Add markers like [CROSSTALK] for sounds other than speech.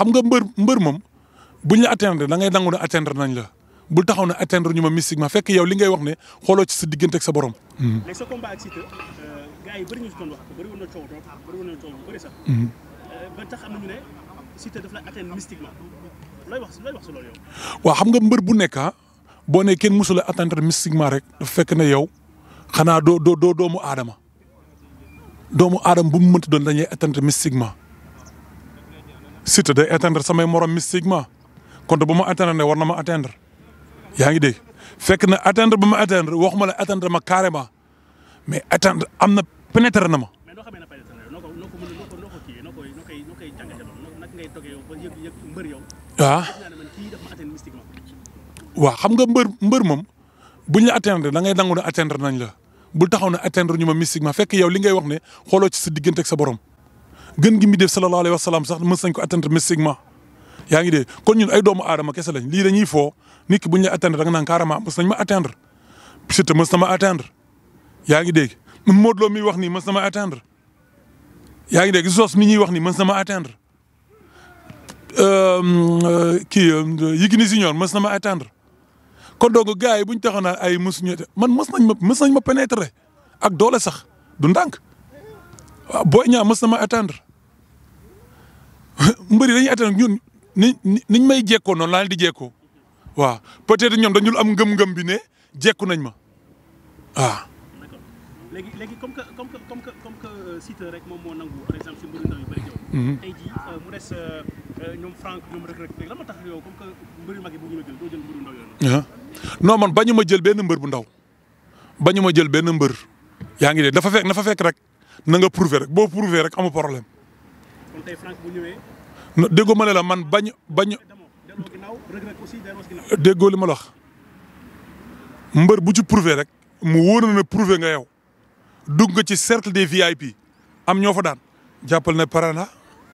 xam nga mbeur mbeur mom buñ la atteindre da ngay dangu atteindre nañ la bul taxaw na atteindre mystique ma fekk yow li ngay wax ne xolo ci sa diggante ak sa borom hmm. mais sa combat ak cité euh, gaay yi bari ñu doon wax bari wona ciow top bari wona ciow bari sa hmm. euh, ba tax am ñu ne cité daf la atteindre ma lay wax lay wax ci lool yow wa xam nga mbeur bu nekk ha ah, bo ne kenn musula atteindre ma rek fekk na yow xana do do do mu adama doomu adam bu mu mënta doon dañuy atteindre mystiquement Situ day atteindre sama morom mystiquement kon do buma atteindre ne warnama ma atteindre yaa ngi dégg fekk na atteindre buma atteindre waxuma la atteindre ma carrément mais atteindre am na pénétrer na ma. waaw ah. waaw xam nga mbër mbër buñ la atteindre da ngay nangu atteindre nañ la bul taxaw atteindre mystiquement fekk yow li ngay wax gën gi mu def sallallahu alayhi wa sallam sax mës nañ ko atteindre mystiquement yaa ngi dee kon ñun ay doomu aadama kese lañ lii dañuy foo nit ki bu ñu la atteindre da nga naan carrément mës nañ ma atteindre Siteu yaa ngi dégg Modou Lo mi wax nii mës na ma atteindre yaa ngi dégg Zos mi ñuy wax nii mës na ma atteindre euh, euh, kii euh, Yékini Junior mës na ma atteindre kon donc gars yi bu ñu taxoon ay mësuñu man mës nañ ma mës ma pénétrer ak doole sax du ndànk. waaw ah, Boy Niang ma attendre [LAUGHS] mbëri dañuy attendre ñun ni niñ may jekkoo noon laal di jekkoo waaw peut-être ñoom dañul am ngëm-ngëm bi ne jekku nañ ma waaw. Ah. léegi léegi comme que comme que comme que euh, jël doo man bañu ma jël benn mbër bu ndaw bañu ma jël benn mbër yaa ngi dégg dafa fekk nafa fekk rek. na nga prouvé rek boo prouvé rek amu problème. kon tey la man bañ bañ. déggoo li ma la bu ci prouvé rek mu wóor na ne prouvé nga yow dugg nga ci cercle des VIP am ñoo fa daan jàppal ne pare naa